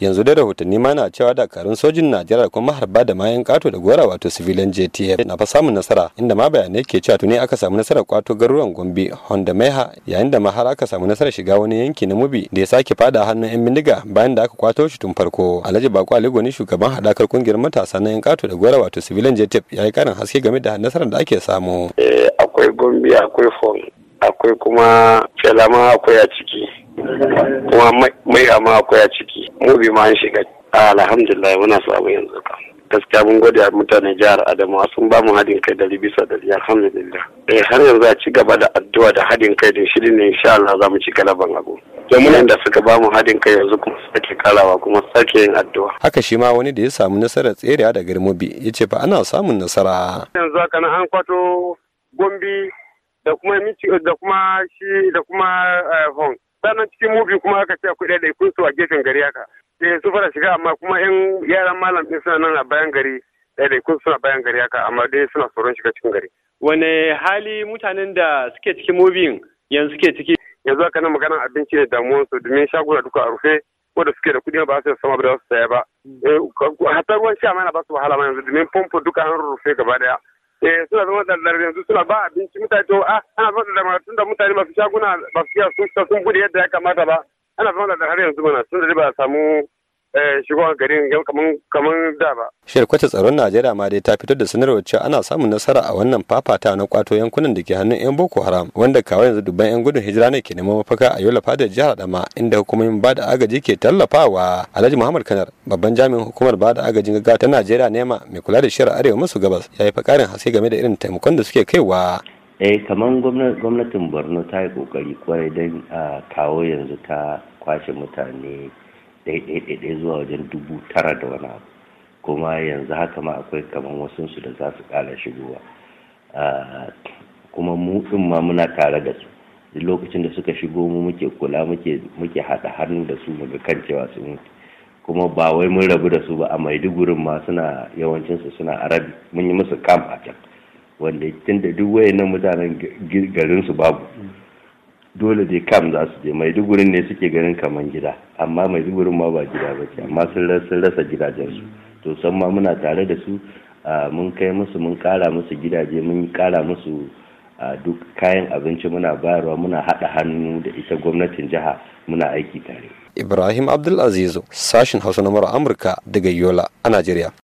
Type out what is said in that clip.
yanzu dai rahotanni ma na cewa dakarun sojin najeriya kuma harba da mayan kato da gora wato civilian jtf na fa samun nasara inda ma bayanai ke cewa tuni aka samu nasarar kwato garuruwan gombe honda meha yayin da ma har aka samu nasarar shiga wani yanki na mubi da ya sake fada hannun yan bindiga bayan da aka kwato shi tun farko alhaji bako ali goni shugaban hadakar kungiyar matasa na yan kato da gora wato civilian jtf ya yi karin haske game da nasarar da ake samu. Eh, akwai gombe akwai fon akwai kuma felama akwai a ciki kuma mai ma akwai a ciki mu ma an shiga alhamdulillah muna samu yanzu ka. gaskiya mun gode mutanen jihar Adamawa sun ba mu haɗin kai dari bisa dari alhamdulillah eh har yanzu a ci gaba da addu'a da haɗin kai da shirin ne insha Allah za mu ci galaban abu domin da suka ba mu haɗin kai yanzu kuma sake karawa kuma sake yin addu'a haka shi ma wani da ya samu nasarar tserewa da garmobi ya ce fa ana samun nasara yanzu haka na an kwato gombi da kuma da kuma shi da kuma eh, hong sannan cikin mubi kuma aka ce kuɗi da ikunsu a gefen gari haka sai su fara shiga amma kuma yan yaran malam ɗin suna nan a bayan gari da ikunsu suna bayan gari haka amma dai suna tsoron shiga cikin gari. wane hali mutanen da suke cikin mubin yanzu suke ciki. yanzu haka nan maganar abinci ne damuwarsu domin shaguna duka a rufe wanda suke da kuɗi ba su sama ba za su saya ba. Eh, hatta ruwan sha mana ba su wahala ma yanzu domin famfo duka an rufe gaba daya. eh suna zama ɗanɗar yanzu suna ba abinci mutane to ah, ana zama ɗanɗar tun da mutane masu shaguna ba su iya sun bude yadda ya kamata ba ana zama ɗanɗar har yanzu mana tun da ba a samu Eh, a garin kamar da ba. Shirkwata tsaron Najeriya ma dai ta fito da sanarwar cewa ana samun nasara a wannan fafata na kwato yankunan da ke hannun 'yan Boko Haram wanda kawo yanzu dubban 'yan gudun hijira ne ke neman mafaka a Yola Fadar jihar Adama, inda hukumomin bada agaji ke tallafawa. Alhaji Muhammad Kanar babban jami'in hukumar bada agajin gaggawa ta Najeriya nema mai kula da shirin arewa maso gabas ya yi fakarin haske game da irin taimakon da suke kaiwa. eh kamar gwamnatin borno ta yi kokari kwarai don ah, kawo yanzu ta kwashe mutane ɗaiɗaiɗaiɗai zuwa wajen dubu tara da wani abu kuma yanzu haka ma akwai kamar wasunsu da za su ƙara shigowa ah, kuma mu ɗin ma muna tare da su duk lokacin da suka shigo mu muke kula muke haɗa hannu da su muga kan cewa su mutu kuma ba wai mun rabu da su ba a maidugurin ma suna yawancinsu suna arabi mun yi musu kam a can wanda tunda duk wayannan mutanen garinsu babu dole dai kam za su je maiduguri ne suke ganin kaman gida amma maiduguri ma ba gida ba ce amma sun rasa gidajensu to san ma muna tare da su mun kai musu mun kara musu gidaje mun kara musu duk kayan abinci muna bayarwa muna haɗa hannu da ita gwamnatin jiha muna aiki tare ibrahim abdulaziz sashin hausa na amurka daga yola a najeriya